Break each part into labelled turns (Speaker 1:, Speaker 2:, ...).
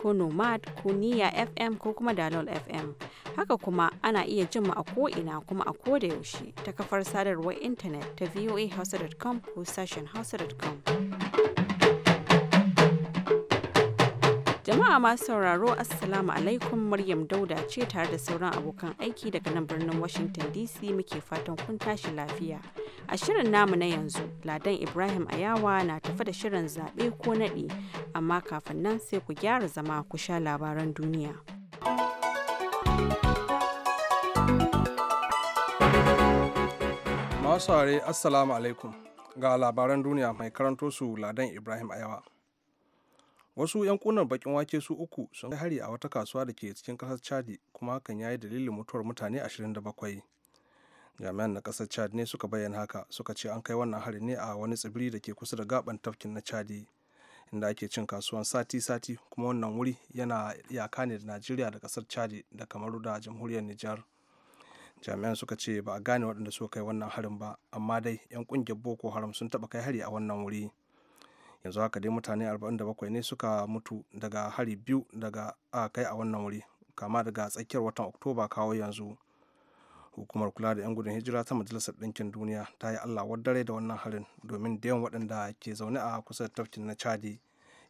Speaker 1: ko nomad ko niya fm ko kuma dalol fm haka kuma ana iya jin mu a ko'ina kuma a ko da yaushe ta kafar sadarwar intanet ta voahausa.com ko sashen hausa.com Jama'a masu sauraro Assalamu alaikum Maryam Dauda ce tare da sauran abokan aiki daga nan birnin Washington DC muke fatan kun tashi lafiya. A shirin namu na yanzu, Ladan Ibrahim Ayawa na tafi da shirin zaɓe ko naɗe, amma kafin nan sai ku gyara zama ku sha labaran duniya.
Speaker 2: Masu Assalamu alaikum ga labaran duniya mai karanto su Ladan Ibrahim Ayawa. wasu 'yan kunan bakin wake su uku sun kai hari a wata kasuwa da ke cikin kasar chadi kuma hakan ya yi dalilin mutuwar mutane 27 jami'an na kasar chad ne suka bayyana haka suka ce an kai wannan hari ne a wani tsibiri da ke kusa da gaban tafkin na chadi inda ake cin kasuwan sati-sati kuma wannan wuri yana iyaka ne da najeriya da kasar chadi da kamaru da jamhuriyar nijar jami'an suka ce ba a gane waɗanda suka kai wannan harin ba amma dai 'yan ƙungiyar boko haram sun taɓa kai hari a wannan wuri yanzu haka dai mutane 47 ne suka mutu daga hari biyu daga a kai a wannan wuri kama daga tsakiyar watan oktoba kawo yanzu hukumar kula da 'yan gudun hijira ta majalisar ɗinkin duniya ta yi allah dare da wannan harin domin da yawan waɗanda ke zaune a kusa da tafkin na chadi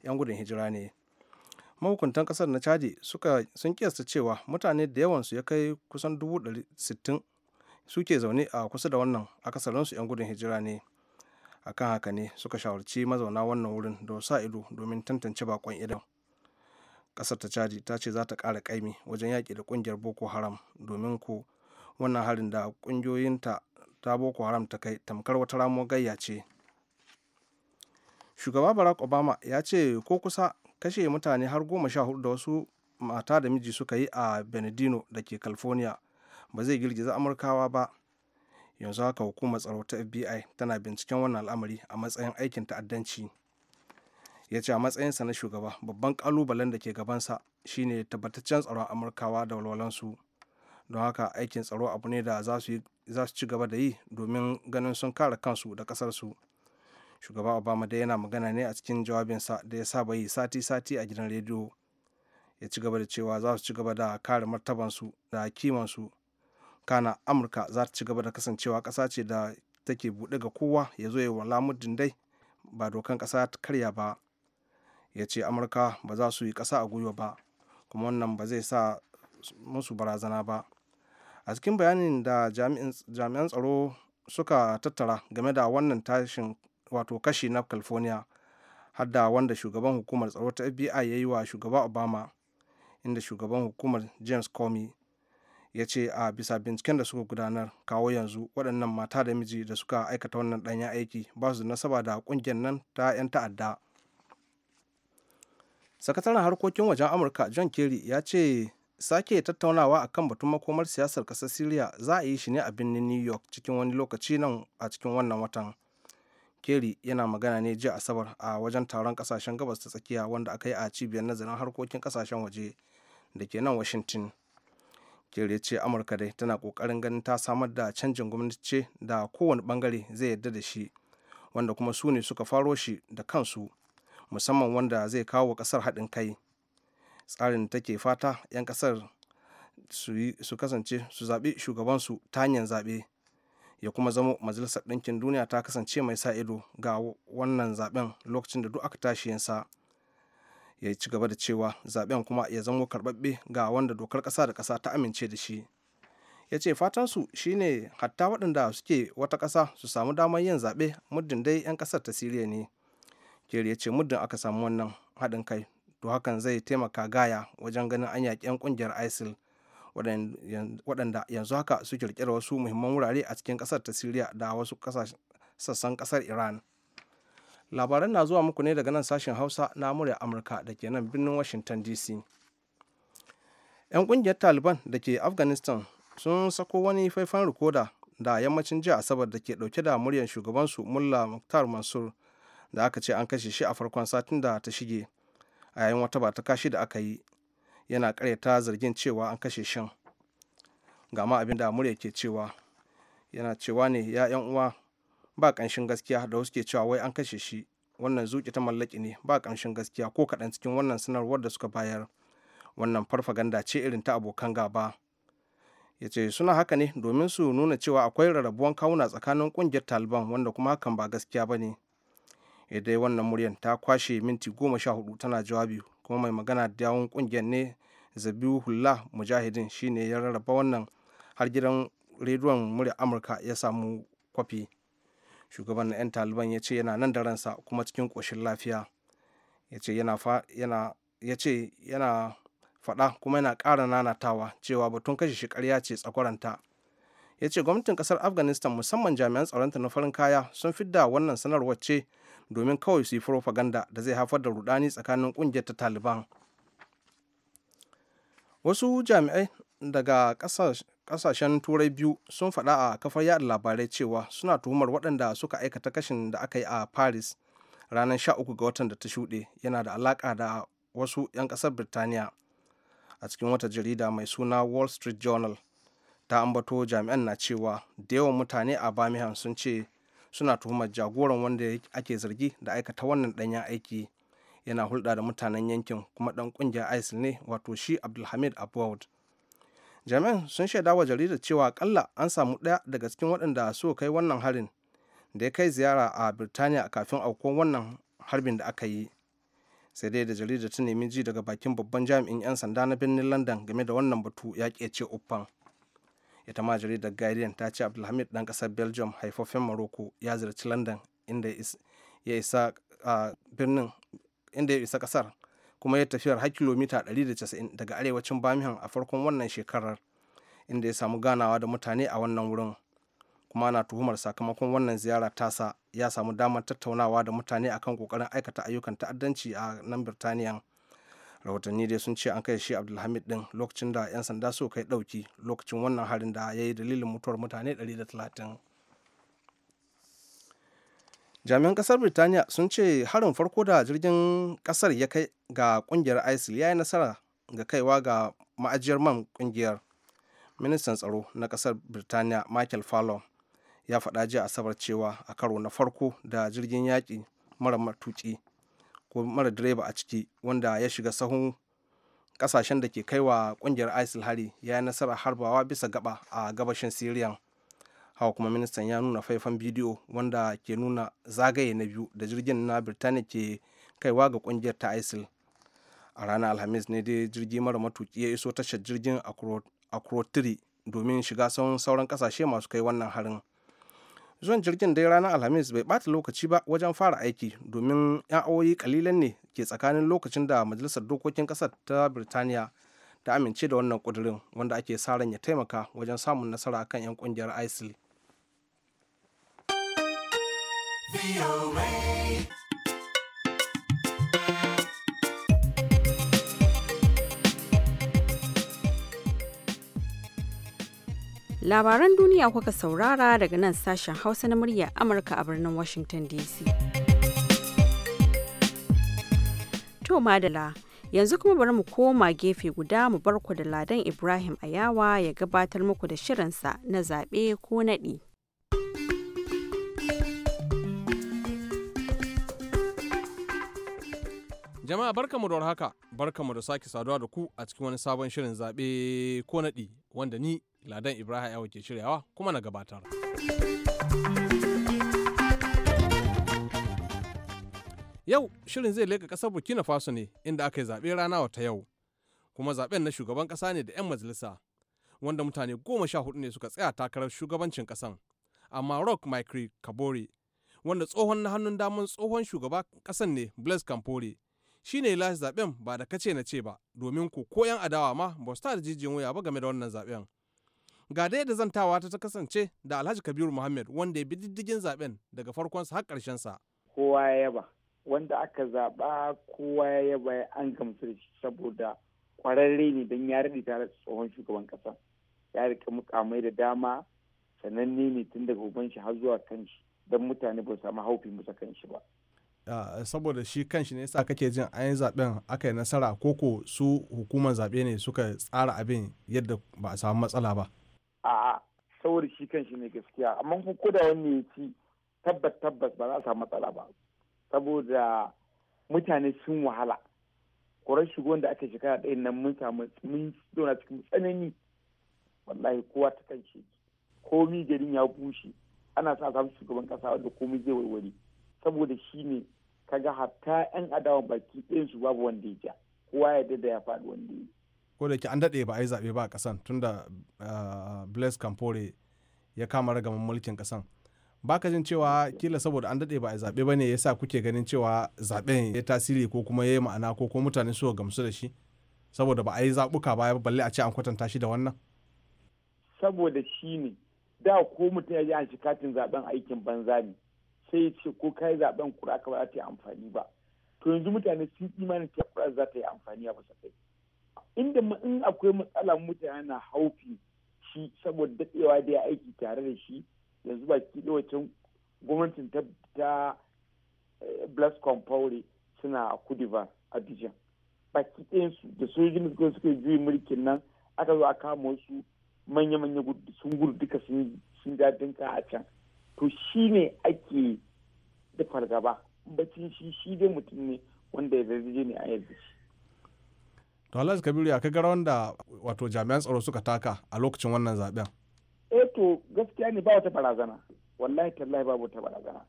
Speaker 2: 'yan gudun hijira ne mahukuntan ƙasar na chadi suka sun kiyasta cewa mutane da yawansu ya kai kusan 60 suke zaune a kusa da wannan akasarinsu 'yan gudun hijira ne akan haka ne suka shawarci mazauna wannan wurin da sa ido domin tantance bakon idan ƙasar ta chadi ta ce za ta ƙara ƙaimi wajen yaƙi da ƙungiyar boko haram domin ko wannan harin da ƙungiyoyinta ta ta boko haram ta kai tamkar wata ramuwar gayya ce shugaba barack obama ya ce ko kusa kashe mutane har goma sha hudu da wasu mata da miji suka yi a benedino da ke california ba zai girgiza amurkawa ba yanzu haka hukumar tsaro ta fbi tana binciken wannan al'amari a matsayin aikin ta'addanci ya ce a matsayinsa na shugaba babban kalubalen da ke gabansa shine tabbataccen tsaron amurkawa da walwalansu don haka aikin tsaro abu ne da za su ci gaba da yi domin ganin sun kare kansu da kasarsu shugaba obama dai yana magana ne a cikin jawabinsa da ya saba yi sati-sati a gidan rediyo ya ci gaba da cewa za su ci gaba da kare martabansu da kimansu kana amurka za ta ci gaba da kasancewa ƙasa ce da take buɗe ga kowa ya zo ya wala muddin dai ba dokan ƙasa ta karya ba ya ce amurka ba za su yi ƙasa a gwiwa ba kuma wannan ba zai sa musu barazana ba a cikin bayanin da jami'an tsaro suka tattara game da wannan tashin wato kashi na california har wanda shugaban hukumar tsaro ta fbi ya yi wa shugaba obama inda shugaban hukumar james comey ya ce a bisa binciken da suka gudanar kawo yanzu waɗannan mata da miji da suka aikata wannan ɗanyen aiki ba su da nasaba da ƙungiyar nan ta 'yan ta'adda sakataren harkokin wajen amurka john kerry ya ce sake tattaunawa akan batun makomar siyasar ƙasar syria za a yi shi ne a birnin new york cikin wani lokaci nan a cikin wannan watan kerry yana magana ne jiya asabar a wajen taron kasashen gabas ta tsakiya wanda aka yi a cibiyar nazarin harkokin kasashen waje da ke nan washington kerr ya ce amurka dai tana kokarin ganin ta samar da canjin gwamnati ce da kowane bangare zai yarda da shi wanda kuma su ne suka faro shi da kansu musamman wanda zai kawo kasar haɗin kai tsarin take fata 'yan kasar su kasance su zaɓi shugabansu ta hanyar zaɓe ya kuma zamo majalisar ɗinkin duniya ta kasance mai sa ido ga wannan zaɓen lokacin da duk aka tashi yinsa. ya ci gaba da cewa zaben kuma ya zama karɓaɓɓe ga wanda dokar ƙasa da kasa ta amince da shi ya ce fatansu shine hatta waɗanda suke wata ƙasa su samu damar yin zaɓe muddin dai 'yan ƙasar ta siriya ne jeri ya ce muddin aka samu wannan haɗin kai to hakan zai taimaka gaya wajen ganin an yaƙi 'yan ƙungiyar isil waɗanda yanzu haka su kirkira wasu muhimman wurare a cikin ƙasar ta siriya da wasu sassan ƙasar iran labaran na zuwa muku ne daga nan sashen hausa na murya amurka da ke nan birnin washington dc 'yan kungiyar taliban da ke afghanistan sun sako wani faifan rikoda da yammacin jiya asabar da ke dauke da muryar shugabansu mulla muktar mansur da aka ce an kashe shi a farkon satin da ta shige a yayin wata ba ta kashi da aka yi yana karyata zargin cewa an kashe shan Gama abin da murya ke cewa yana cewa ne ya 'yan uwa ba ƙanshin gaskiya da wasu ke cewa wai an kashe shi wannan zuƙi ta mallaki ne ba ƙanshin gaskiya ko kaɗan cikin wannan sanarwar da suka bayar wannan farfaganda ce irin ta abokan gaba ya ce suna haka ne domin su nuna cewa akwai rarrabuwan kawuna tsakanin ƙungiyar taliban wanda kuma hakan ba gaskiya ba ne eh dai wannan muryan ta kwashe minti goma sha hudu tana jawabi kuma mai magana da yawon ƙungiyar ne zabihullah mujahidin shine ya rarraba wannan har gidan rediyon murya amurka ya samu kwafi shugaban na 'yan taliban ya ce yana nan da ransa kuma cikin koshin lafiya ya ce yana faɗa kuma yana ƙara nanatawa cewa batun kashe shi ƙarya ce tsakwaranta ya ce gwamnatin ƙasar afghanistan musamman jami'an tsaronta na farin kaya sun fidda wannan sanarwar ce domin kawai su yi furofaganda da zai haifar da rudani tsakanin ƙungiyar ta taliban wasu jami'ai daga kasashen turai biyu sun faɗa a kafar yada labarai cewa suna tuhumar waɗanda suka aikata kashin da aka yi a paris ranar 13 ga watan da ta shuɗe yana da alaƙa da wasu 'yan ƙasar birtaniya a cikin wata jarida mai suna wall street journal ta ambato jami'an na cewa da yawan mutane a birmingham sun ce suna tuhumar jagoran wanda ake zargi da aikata wannan ɗanyen aiki yana hulɗa da mutanen yankin kuma ɗan ƙungiyar isil ne wato shi abdulhamid abuwad jami'an sun shaida wa jaridar cewa kalla an samu ɗaya daga cikin waɗanda suka kai wannan harin da ya kai ziyara a birtaniya kafin aukuwan wannan harbin da aka yi sai dai da jaridar ta nemi ji daga bakin babban jami'in 'yan sanda na birnin london game da wannan batu ya ce uffan ita ma jaridar guardian ta ce abdulhamid dan kasar belgium haifofin morocco ya ziyarci london inda ya isa birnin inda ya isa kasar kuma ya tafiyar har kilomita 190 daga arewacin birmingham a farkon wannan shekarar inda ya samu ganawa da mutane a wannan wurin kuma ana tuhumar sakamakon wannan ziyara tasa ya samu damar tattaunawa da mutane akan kokarin aikata ayyukan ta'addanci a nan birtaniya rahotanni dai sun ce an kai shi abdulhamid din lokacin da 'yan sanda su kai dauki lokacin wannan harin da ya yi dalilin mutuwar mutane 130 jami'an kasar birtaniya sun ce harin farko da jirgin kasar ya kai ga kungiyar isil ya yi nasara ga kaiwa ga ma'ajiyar man kungiyar ministan tsaro na kasar birtaniya michael fallon ya faɗa jiya asabar cewa a karo na farko da jirgin yaƙi mara matuƙi ko mara direba a ciki wanda ya shiga sahun ƙasashen da ke kaiwa kungiyar isil hari ya yi nasara harbawa bisa gaba a gabashin syria hawa kuma ministan ya nuna faifan bidiyo wanda ke nuna zagaye na biyu da jirgin na birtaniya ke kaiwa ga kungiyar ta isil a ranar alhamis ne dai jirgi mara matuki ya iso tashar jirgin akrotiri domin shiga sauran kasashe masu kai wannan harin zuwan jirgin dai ranar alhamis bai bata lokaci ba wajen fara aiki domin 'yan awoyi kalilan ne ke tsakanin lokacin da majalisar dokokin kasar ta birtaniya ta amince da wannan kudirin wanda ake sa ran ya taimaka wajen samun nasara kan 'yan kungiyar isil
Speaker 1: Labaran duniya kuka saurara daga nan sashen Hausa na murya Amurka a birnin Washington DC. To madala, yanzu kuma bari mu koma gefe guda mu bar ku da Ladan Ibrahim Ayawa ya gabatar muku da shirinsa na zaɓe ko naɗi.
Speaker 2: Jama'a barkamu da warhaka, barkamu da sake saduwa da ku a cikin wani sabon shirin zaɓe ko naɗi wanda ni Ladan Ibrahim yawake ke shiryawa kuma na gabatar. Yau shirin zai leka ƙasar Burkina Faso ne inda aka yi zaɓe rana wata yau. Kuma zaɓen na shugaban ƙasa ne da 'yan majalisa wanda mutane goma sha hudu ne suka tsaya takarar shugabancin ƙasan. Amma Rock Mike Kabore wanda tsohon na hannun daman tsohon shugaban ƙasan ne Blaise kampore shi ne lashe zaɓen ba da kace na ce ba domin ko ko 'yan adawa ma ba su ta da jijiyan wuya ba game da wannan zaɓen. Ga dai da zantawa ta kasance da Alhaji Kabiru Muhammad wanda ya bi diddigin zaben daga farkon farkonsa har ƙarshensa.
Speaker 3: Kowa ya yaba, wanda aka zaɓa kowa ya yaba an gamsu da shi saboda kwararre ne don ya rike tare da tsohon shugaban ƙasa. Ya rike mukamai da dama sananne ne tun daga uban shi har zuwa kan shi don mutane ba samu haufi musa kan shi
Speaker 2: ba. saboda shi kanshi ne yasa kake jin an yi zaben aka yi nasara koko su hukumar zaɓe ne suka tsara abin yadda ba a samu matsala ba
Speaker 3: a'a saboda shi kan shi ne gaskiya amma ko da wanne ya ci tabbas tabbas ba za a samu matsala ba saboda mutane sun wahala korar shigo da ake shekara ɗaya nan mun samu mun zauna cikin tsanani wallahi kowa ta kan shi komi garin ya bushe ana sa samun shugaban kasa wanda komi zai warware saboda shi ne kaga hatta yan adawan baki ɗayan su babu wanda ya ja kowa ya da ya faɗi wanda ya
Speaker 2: ko da ke an daɗe ba a yi zaɓe ba a ƙasan tunda ah, blaise campore ya kama ragaman mulkin kasan baka jin cewa kila saboda an daɗe ba a yi zaɓe ba ne ya sa kuke ganin cewa zaben ya tasiri ko kuma ya yi ma'ana ko kuma mutane su gamsu da shi saboda ba a yi zaɓuka ba balle a ce an kwatanta shi da wannan
Speaker 3: saboda shi ne da ko mutum ya ji an katin zaben aikin banza ne sai ya ce ko kai zaben kura ka ba za ta yi amfani ba to yanzu mutane sun imanin cewa kura za ta yi amfani a bisa kai inda in akwai matsala mutane na haufi shi saboda daɗewa da ya aiki tare da shi yanzu ba ki lokacin gwamnatin ta ta eh, blas compaore suna kudiva abidjan baki ɗayansu da sojojin da suka juyi mulkin nan aka zo a kama wasu manya-manya sun gudu duka sun ja dinka a can to shi ne ake
Speaker 2: da fargaba
Speaker 3: bacin shi shi dai mutum ne wanda ya zarje ne a yanzu shi
Speaker 2: to alhaji kabiru ya ga rawan da wato jami'an tsaro suka taka a lokacin wannan zaben
Speaker 3: eh to gaskiya ne ba wata barazana wallahi tallahi babu wata barazana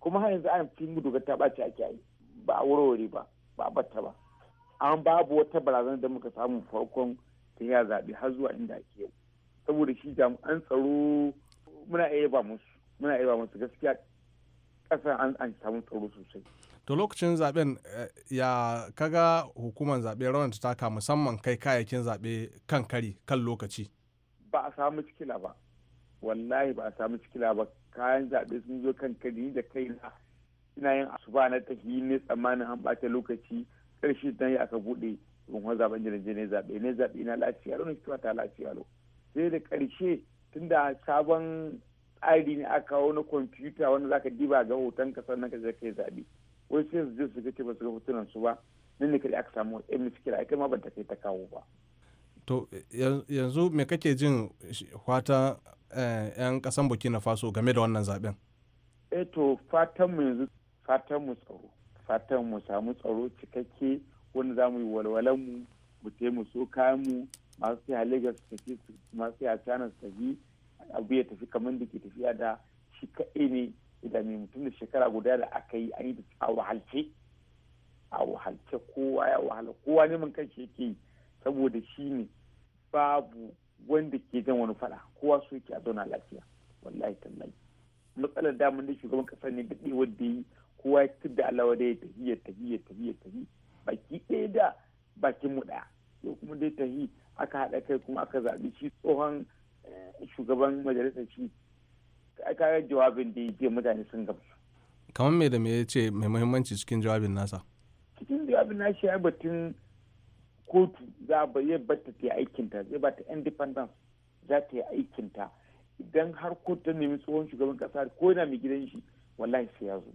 Speaker 3: kuma har yanzu an fi mudu ta ɓaci ake yi ba a warware ba ba a batta ba an babu wata barazana da muka samu farkon tun ya zaɓe har zuwa inda ake yau saboda shi jami'an tsaro muna iya ba musu muna iya ba musu gaskiya ƙasar an samu tsaro sosai
Speaker 2: to lokacin zaben eh, ya kaga hukumar zaɓe rawan ta taka musamman kai kayayyakin zaɓe kan kari kan lokaci
Speaker 3: ba a samu cikila ba wallahi ba a samu cikila ba kayan zaɓe sun zo kan kari da kaina ina yin asuba na tafi ne tsammanin an ɓata lokaci ƙarshe dan yi aka buɗe ban zaben jiran ne zaɓe ne zaɓe na lafiya lau ne ta lafiya lo sai da ƙarshe tunda sabon tsari ne aka kawo na kwamfuta wanda zaka diba ga hoton ka sannan ka je kai zaɓe wai sai su je su ga ba su ga hotunan su ba nan ne kai aka samu yan miskila ai ma ban ta kai ta kawo ba
Speaker 2: to yanzu me kake jin fata yan eh, kasan burkina faso game da wannan zaben
Speaker 3: eh to fatan yanzu fatan mu tsaro fatan mu samu tsaro cikakke wanda za mu yi walwalan mu mu so kayan mu masu siya lagos su tafi masu siya china su tafi abu ya tafi kamar da ke tafiya da shi kaɗai ne ila mai mutum da shekara guda da aka yi an yi a wahalce a wahalce kowa ya wahala kowa neman kanshi yake yi saboda shi ne babu wanda ke jan wani fada kowa so yake a zauna lafiya wallahi tallahi matsalar damar da shugaban kasar ne daɗe wanda yi kowa ya fitar da alawa da ya tafi ya tafi ya tafi ya tafi baki ɗaya da bakin mu ɗaya yau kuma dai tafi aka haɗa kai kuma aka zaɓi shi tsohon eh, shugaban majalisar shi kayan jawabin da ya mutane sun gamsu
Speaker 2: kamar me da me ya ce mai muhimmanci cikin jawabin nasa
Speaker 3: cikin jawabin nasa ya batun kotu za a zai bata ta yi aikinta zai ba ta independence za ta yi aikinta idan har kotu ta nemi tsohon shugaban kasa ko yana mai gidan shi wallahi sai ya zo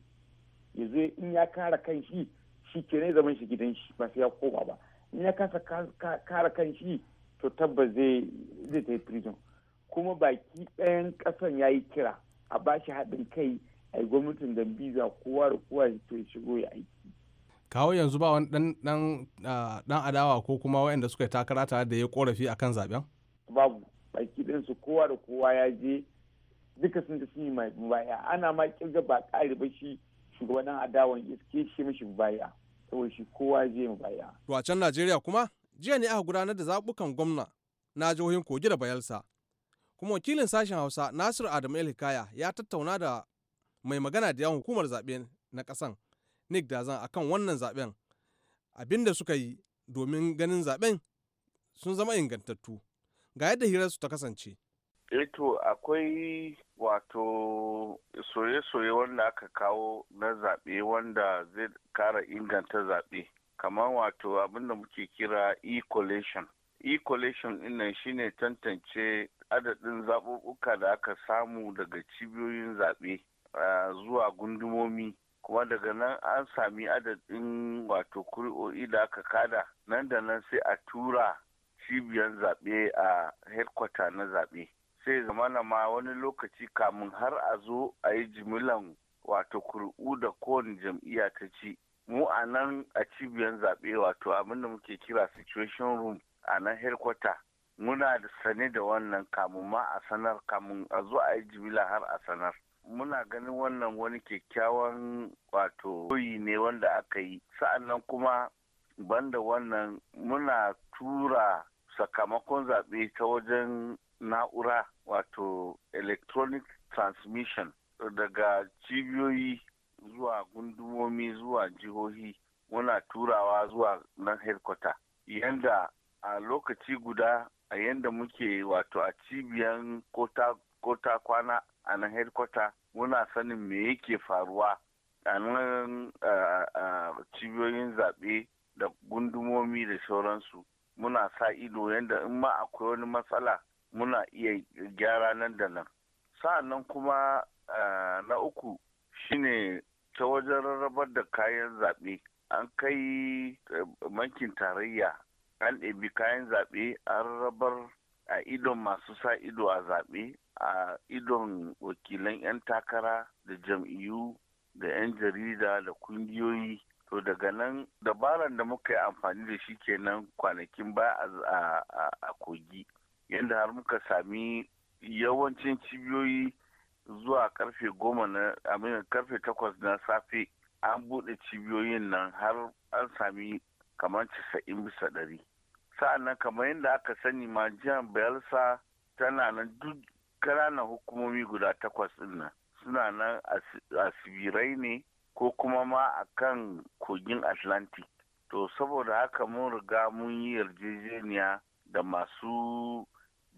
Speaker 3: ya in ya kara kan shi shi ke ne zaman shi gidan shi ba sai ya koma ba in ya kasa kara kan shi to tabbas zai zai ta yi prison kuma baki ɗayan ƙasan ya yi kira a bashi haɗin kai a gwamnatin gambiza kowa da kowa ya shigo ya aiki
Speaker 2: kawo yanzu ba wani ɗan adawa ko kuma waɗanda suka yi takara tare da ya korafi a kan zaɓen.
Speaker 3: babu baki ɗinsu kowa da kowa ya je duka sun tafi yi mai baya ana ma kirga ba ƙari ba shi shugaban adawan iske shi mishi baya saboda shi kowa je mu baya
Speaker 2: to a can Najeriya kuma jiya ne aka gudanar da zaɓukan gwamna na jihohin Kogi da Bayelsa kuma wakilin sashen hausa nasiru adamu elhikaya ya tattauna da mai magana da yawon hukumar zaɓe na ƙasan nick dazan akan wannan zaɓen abin da suka yi domin ganin zaɓen sun zama ingantattu ga yadda hirarsu ta kasance
Speaker 4: eto eh akwai wato soye-soye wanda aka kawo na zaɓe wanda zai kara inganta zaɓe kamar wato abinda muke kira e-collation e-collation ɗinnan shine tantance adadin zaɓuɓɓuka da aka samu daga cibiyoyin zaɓe zuwa gundumomi kuma daga nan an sami adadin wato kuri'o'i da aka kada nan da nan sai a tura cibiyar zaɓe a headkwata na zaɓe sai zamana ma wani lokaci kamun har a zo a yi jimilan wato kuri'u da kowane jam'iyya ta ci mu a nan a cibiyar zaɓe wato abinda muke kira situation room a nan hedkwata. muna da sane da wannan kamun ma a sanar kamun a zo a yi jimila har a sanar muna ganin wannan wani kyakkyawan wato koyi ne wanda aka yi sa'annan kuma banda wannan muna tura sakamakon zaɓe ta wajen na'ura wato electronic transmission daga cibiyoyi zuwa gundumomi zuwa jihohi muna turawa zuwa nan headquarter yanda a lokaci guda a yadda muke wato a cibiyan kota kwana a nan headquarter muna sanin me yake faruwa a nan cibiyoyin zaɓe da gundumomi da sauransu muna sa ido yadda in ma akwai wani matsala muna iya gyara nan da nan sa'annan kuma na uku shine ta wajen rarrabar da kayan zaɓe an kai eh, bankin tarayya an ɗabi kayan zaɓe an rabar a idon masu sa ido a zaɓe a idon wakilan 'yan takara da jam'iyyu da 'yan jarida da kungiyoyi to daga nan dabaran da muka yi amfani da shi kenan kwanakin baya a kogi yadda har muka sami yawancin cibiyoyi zuwa karfe goma na karfe takwas na safe an buɗe cibiyoyin nan har an sami kamar casa'in bisa ɗari nan kamar yadda aka sani ma jihar bayelsa tana nan duk ƙananan hukumomi guda takwas ɗin nan suna nan asibirai ne ko kuma ma a kan kogin atlantic to saboda haka mun riga mun yi yarjejeniya da masu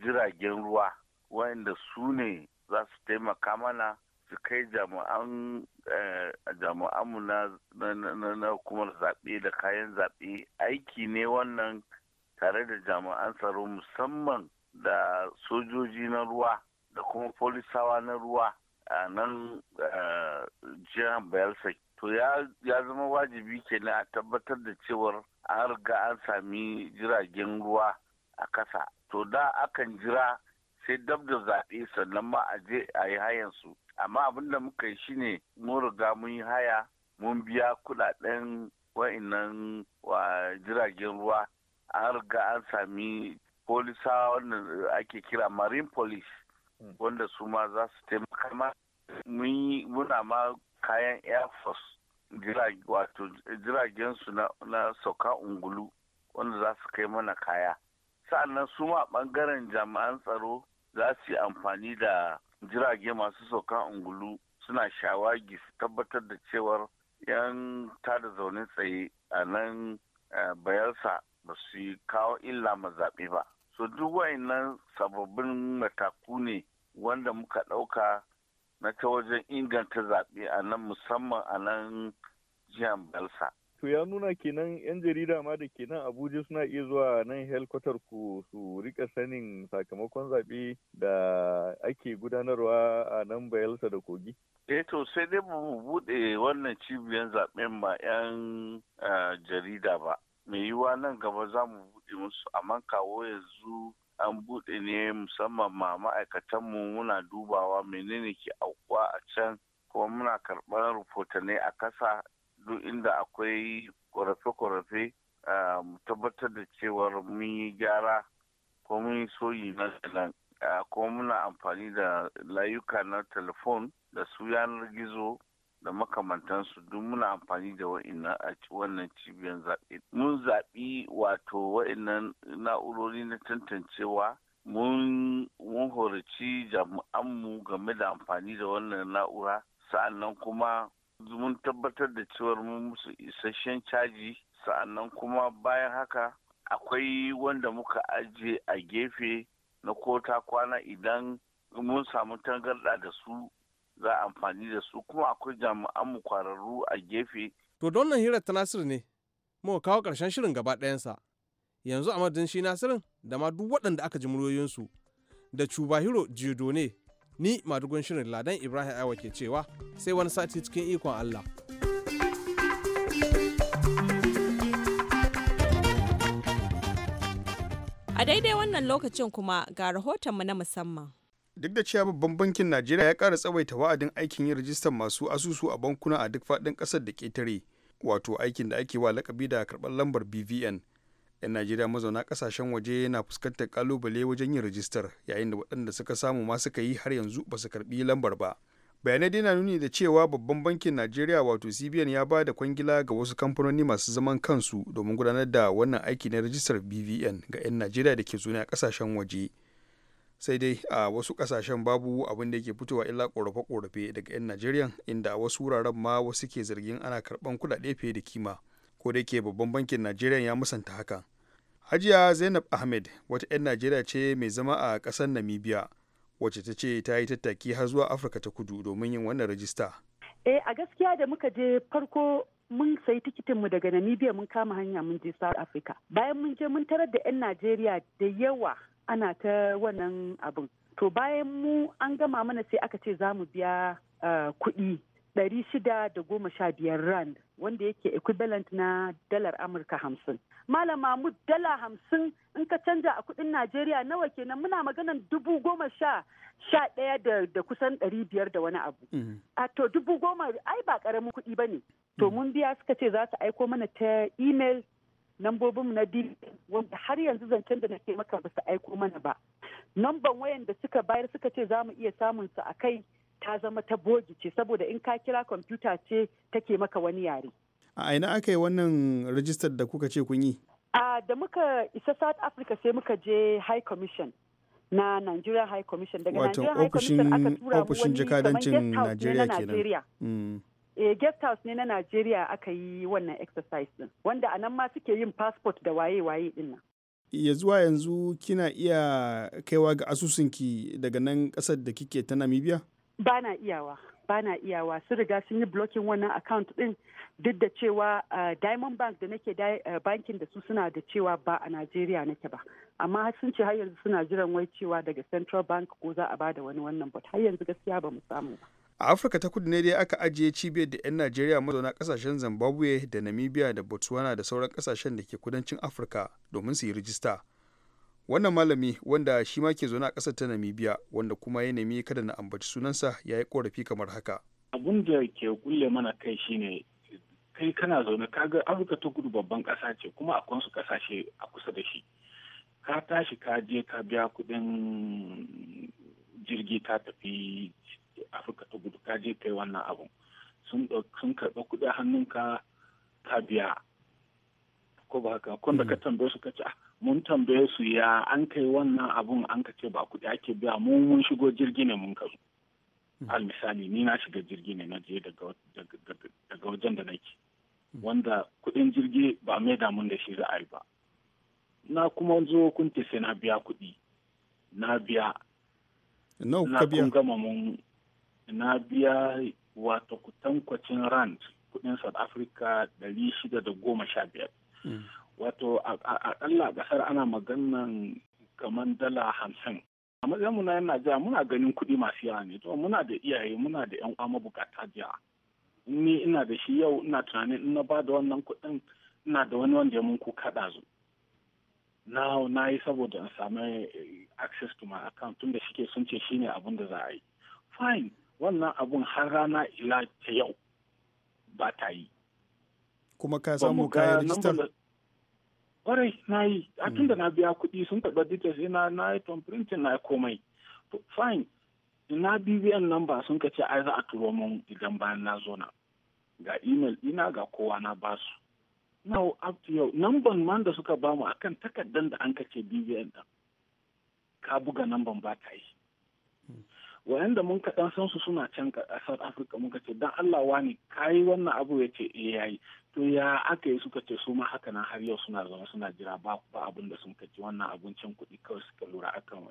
Speaker 4: jiragen ruwa wa'inda su ne za su taimaka mana su kai jami'an eh, jami'anmu na hukumar zaɓe da kayan zaɓe aiki ne wannan tare da jami'an tsaro musamman da sojoji na ruwa da kuma polisawa na ruwa a nan eh, jihar bayelsa to ya zama wajibi ke kenan a tabbatar da cewar an riga an sami jiragen ruwa a kasa to da akan jira sai dab da zaɓe sannan ma a je a yi hayansu amma abin da muka yi shine mun riga mun yi haya mun biya kudaden wa'annan jiragen ruwa an riga an sami polisa wanda ake kira marine police hmm. wanda su ma za su taimaka ma muna ma kayan air force wato jiragen su na sauka ungulu wanda za su kai mana kaya sa'annan su ma bangaren jami'an tsaro za su yi amfani da jirage masu sauka ungulu suna shawagi su tabbatar da cewar 'yan tada zaune tsaye a nan bayarsa ba su yi kawo illa ma zaɓe ba. So duk wayannan sababbin mataku ne wanda muka ɗauka na ta wajen inganta zaɓe a nan musamman a nan jihar Belsa. to ya nuna kenan yan jarida ma da kenan abuja suna iya zuwa nan helkwatar ku su rika sanin sakamakon zaɓe da ake gudanarwa a nan bayelsa da kogi eh to sai dai mu buɗe wannan cibiyar zaɓen ma yan jarida ba mai yiwuwa nan gaba za mu buɗe musu amma kawo yanzu an buɗe ne musamman ma ma'aikatanmu muna dubawa menene ke aukuwa a can kuma muna karɓar rahotanni a kasa duk inda akwai kwarafe kwarafe ah, mu tabbatar da cewar mun yi gyara ko mun yi soyi na nan ah, ko muna amfani da layuka na telefon da su yanar gizo da makamantansu duk muna amfani da a wannan cibiyar zaɓe. Mun zaɓi wato wa'annan na'urori na tantancewa mun horaci jami'anmu game da amfani da wannan na'ura sa'annan kuma mun tabbatar da cewar mun musu isasshen caji sa'annan kuma bayan haka akwai wanda muka ajiye a gefe na kota kwana idan mun samu tangarda da su za amfani da su kuma akwai jami'an mu kwararru a gefe.
Speaker 2: To don nan hirar ta Nasiru ne, muka kawo ƙarshen shirin gaba ɗayansa. Yanzu a madadin shi Nasirin da ma duk waɗanda aka ji muryoyinsu da Cuba Hiro Jidone. ni madugun shirin ladan ibrahim aiwa ke cewa sai wani sati cikin ikon allah
Speaker 1: a daidai wannan lokacin kuma ga rahotonmu na musamman
Speaker 5: duk da cewa babban bankin najeriya ya ƙara tsawaita wa'adin aikin yin rijistar masu asusu a bankuna a duk faɗin ƙasar da ketare wato aikin da ake wa lakabi da karɓar lambar bvn 'yan najeriya mazauna kasashen waje na fuskantar kalubale wajen yin rajistar yayin da waɗanda suka samu ma suka yi har yanzu ba su karbi lambar ba bayanai dai na nuni da cewa babban bankin najeriya wato cbn ya ba da kwangila ga wasu kamfanoni masu zaman kansu domin gudanar da wannan aiki na rajistar bvn ga 'yan najeriya da ke zuna kasashen waje sai dai a wasu kasashen babu abin da yake fitowa illa korafe-korafe daga 'yan najeriya inda a wasu wuraren ma wasu ke zargin ana karban kudade fiye da kima ko da ke babban bankin najeriya ya musanta hakan Hajiya Zainab Ahmed wata 'yan Najeriya ce mai zama a ƙasar Namibia wacce ta ce ta yi tattaki har zuwa Afirka ta kudu domin yin wannan rajista.
Speaker 6: Eh a gaskiya da muka je farko mun sayi tikitinmu daga Namibia mun kama hanya mun je South Africa. Bayan mun je mun tarar da 'yan Najeriya da yawa ana ta wannan abin. To bayan mu an gama mana sai aka ce za mu biya eh, kuɗi ɗari shida da goma sha biyar rand wanda yake equivalent na dalar Amurka hamsin. malam mahmud dala hamsin in ka canja a kudin najeriya nawa kenan muna maganan dubu goma sha sha ɗaya da, kusan ɗari biyar da wani abu mhm. a to dubu goma ai ba ƙaramin kuɗi ba ne to mhm. mun biya suka ce za su aiko mana ta email lambobinmu na d wanda har yanzu zancen da nake maka ba su aiko mana ba namban wayan da suka bayar suka ce za mu iya samun su a kai ta zama ta bogi ce saboda in ka kira kwamfuta ce take maka wani yare
Speaker 5: a ina aka yi wannan rajistar da kuka ce kun yi
Speaker 6: da muka isa south africa sai muka je high commission na nigeria High Commission daga nigeria high ofishin jakadancin tura kenan. Mm. Eh guest house ne na nigeria aka yi wannan exercise din wanda a nan ma suke yin passport da waye-waye din nan.
Speaker 5: Ya zuwa yanzu kina iya kaiwa ga asusunki daga nan kasar da kike ta Namibia?
Speaker 6: Ba na iyawa. bana iyawa sun riga sun yi blocking wannan account din duk da cewa uh, diamond bank da nake uh, bankin da su suna da cewa ba a najeriya nake ba amma sun ce har yanzu suna jiran wai cewa daga central bank ko za a ba da wani wannan but har yanzu gaskiya ba mu samu ba
Speaker 5: a afirka ta kudu ne dai aka ajiye cibiyar da 'yan najeriya mazauna kasashen zimbabwe da namibia da botswana da sauran kasashen da ke kudancin afirka domin su yi rijista wannan malami wanda shi ma ke zaune a ƙasar ta namibia wanda kuma ya nemi kada na ambaci sunansa ya yi korafi kamar haka
Speaker 7: abun da ke kulle mana kai shine kai kana zaune ka ga afirka ta gudu babban ƙasa ce kuma a kwansu ƙasashe a kusa da shi ka tashi ka je ka biya kuɗin jirgi ta tafi afirka ta gudu ka je kai wannan abun sun karɓi kudin hannunka ka biya ko ba haka kun da ka mm. tambaye su ka ce ah, mun tambaye su ya an kai wannan abun an ka ce ba kuɗi ake biya mun shigo jirgi ne mun kazo hmm. al misali ni na shiga jirgi ne na je daga wajen da nake hmm. wanda kuɗin jirgi ba mai damun da shi ra'ayi ba na kuma zo kun sai na biya kuɗi na biya
Speaker 6: na kun gama
Speaker 7: mun na biya wato kutankwacin rand kuɗin south africa ɗari shida da goma sha biyar hmm. wato akalla a kasar ana maganan gaman dala hamsin a matsayin mu na yana jiya muna ganin kuɗi masu yawa ne to muna da iyaye muna da yan uwa mabukata jiya ni ina da shi yau ina tunanin in na ba da wannan kuɗin ina da wani wanda ya mun kuka ɗazu na na yi saboda in samu eh, access to my account tun da shike sun ce shine abin da za a yi fine wannan abun har rana ila ta yau ba ta yi
Speaker 5: kuma ka samu kayan rijistar
Speaker 7: kwarai na yi a hmm. tun da na biya kuɗi sun karɓar details ina na yi tom na komai fine ina bbn number sun ka ce ai za a turo mun idan bayan na zo na ga email ina ga kowa na ba su now up to yau namban man da suka bamu akan takaddan da an kace bbn ɗin ka buga namban ba ta yi wa'anda mun kaɗan san su suna can ƙasar afirka muka ce dan allah wani kayi wannan abu ya ce eh yayi to ya aka yi suka ce su ma haka nan har yau suna zama suna jira ba ba abin da sun kaci wannan abun abincin kuɗi kawai suka lura akan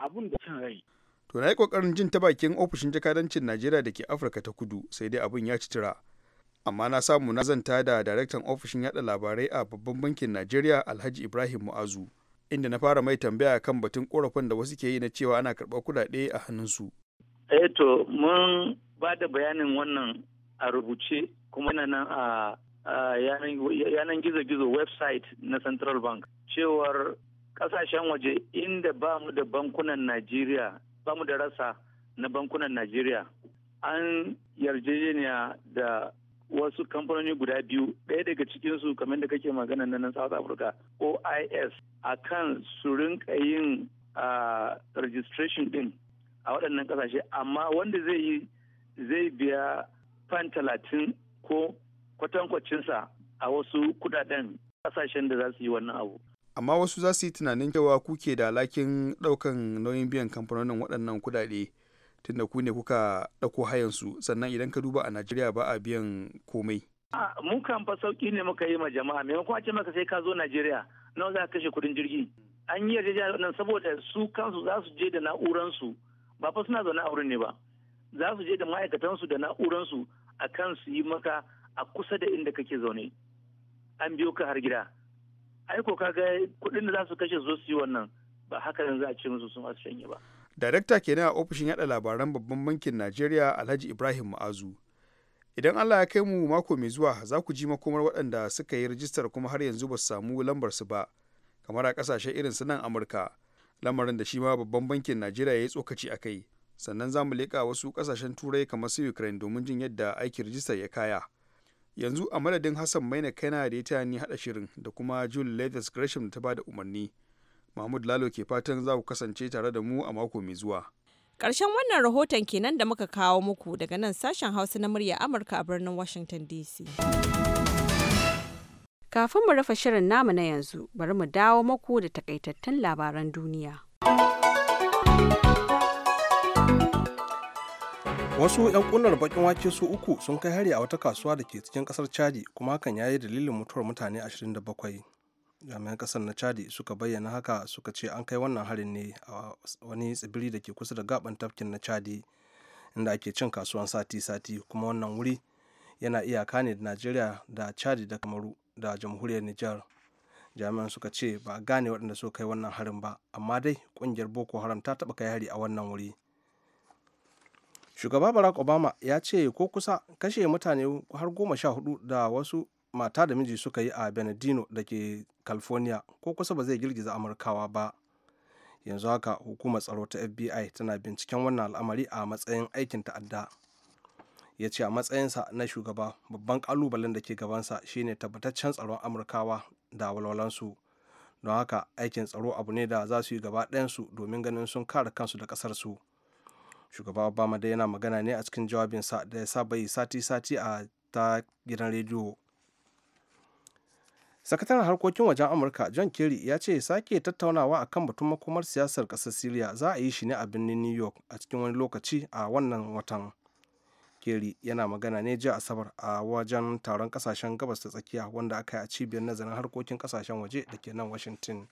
Speaker 7: abun da cin rai
Speaker 5: to na yi kokarin jin ta bakin ofishin jakadancin najeriya da ke afirka ta kudu sai dai abun ya ci amma na samu na zanta da daraktan ofishin yaɗa labarai a babban bankin najeriya alhaji ibrahim mu'azu inda na fara mai tambaya kan batun korafin da wasu ke yi na cewa ana karɓar kuɗaɗe a hannunsu.
Speaker 7: Eto
Speaker 8: eh mun ba da bayanin wannan a rubuce kuma na nan a yanar gizo-gizo website na Central Bank cewar ƙasashen waje inda ba mu da bankunan Najeriya ba mu da rasa na bankunan Najeriya an yarjejeniya da wasu kamfanoni guda biyu ɗaya daga cikinsu kamar da kake magana na South Africa OIS a kan su rinka yin registration din a waɗannan ƙasashe amma wanda zai yi zai biya fan talatin ko kwatankwacinsa a wasu kudaden ƙasashen da za su yi wannan abu.
Speaker 5: Amma wasu za su yi tunanin cewa kuke da alakin ɗaukan nauyin biyan kamfanonin waɗannan kudade. tunda ku ne kuka ɗauko hayansu sannan idan ka duba a najeriya ba a biyan komai
Speaker 8: Mun kan fa sauƙi ne muka yi ma jama'a maimakon a ce maka sai ka zo najeriya nawa za ka kashe kuɗin jirgi an yi yarjejeniya nan saboda su kansu za su je da na'uransu ba fa suna zaune a wurin ne ba za su je da ma'aikatansu da na'uransu a kan su yi maka a kusa da inda kake zaune an biyo ka har gida ai ka kaga kuɗin da za su kashe su zo su yi wannan ba haka yanzu a ce musu sun wasu shanye ba
Speaker 5: darakta kenan a ofishin yada labaran babban bankin najeriya alhaji ibrahim ma'azu idan allah ya kai mu mako mai zuwa za ku ji makomar waɗanda suka yi rijistar kuma har yanzu ba su samu lambar su ba kamar a ƙasashe irin su nan amurka lamarin da shi ma babban bankin najeriya ya yi tsokaci a kai sannan za mu leƙa wasu ƙasashen turai kamar su ukraine domin jin yadda aikin rijistar ya kaya yanzu a madadin hassan maina kaina da ya taya ni haɗa shirin da kuma jule leathers gresham da ta ba da umarni mahmud lalo ke fatan za ku kasance tare da mu a mako mai zuwa
Speaker 1: ƙarshen wannan rahoton kenan da muka kawo muku daga nan sashen hausa na murya amurka a birnin washington dc kafin mu rufe shirin namu na yanzu bari mu dawo muku da takaitattun labaran duniya
Speaker 2: wasu 'yan kunar bakin wake su uku sun kai hari a wata kasuwa da ke cikin kasar chadi kuma hakan ya yi dalilin mutuwar mutane 27 jami'an kasar na chadi suka bayyana haka suka ce an kai wannan harin ne a wani tsibiri da ke kusa da gaban tafkin na chadi inda ake cin kasuwan sati-sati kuma wannan wuri yana iyaka ne da najeriya da chadi da kamaru da jamhuriyar niger jami'an suka ce ba a gane waɗanda suka kai wannan harin ba amma dai ƙungiyar boko haram ta taɓa kai hari a wannan wuri shugaba barack obama ya ce ko kusa kashe mutane har goma sha hudu da wasu mata da miji suka yi a benedino da ke california ko kusa ba zai girgiza amurkawa ba yanzu haka hukumar tsaro ta fbi tana binciken wannan al'amari a matsayin aikin ta'adda ya ce a matsayinsa na shugaba babban kalubalen da ke gabansa shine tabbataccen tsaron amurkawa da walwalansu don haka aikin tsaro abu ne da za su yi gaba ɗayansu domin ganin sun kare kansu da ƙasarsu shugaba obama da yana magana ne a cikin jawabinsa da ya saba yi sati-sati a ta gidan rediyo sakataren harkokin wajen amurka john kerry ya ce sake tattaunawa akan batun makomar siyasar kasar syria za a yi shi ne a birnin new york a cikin wani lokaci a wannan watan kerry yana magana ne jiya asabar a wajen taron kasashen gabas ta tsakiya wanda aka yi a cibiyar nazarin harkokin kasashen waje da ke nan washington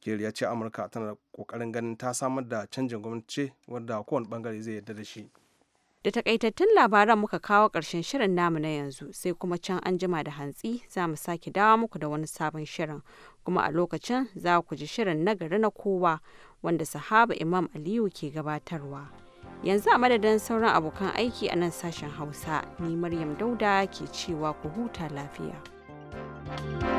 Speaker 2: kerry ya ce amurka tana da kokarin ganin ta samar da canjin gwamnati wadda kowane bangare zai yarda da
Speaker 1: shi Da takaitattun labaran muka kawo ƙarshen shirin namu na yanzu sai kuma can an jima da hantsi za mu sake dawo muku da wani sabon shirin kuma a lokacin za ku ji shirin na gari na kowa wanda sahaba Imam Aliyu ke gabatarwa. Yanzu a madadin sauran abokan aiki a nan sashen Hausa, ni Maryam Dauda ke cewa ku huta lafiya.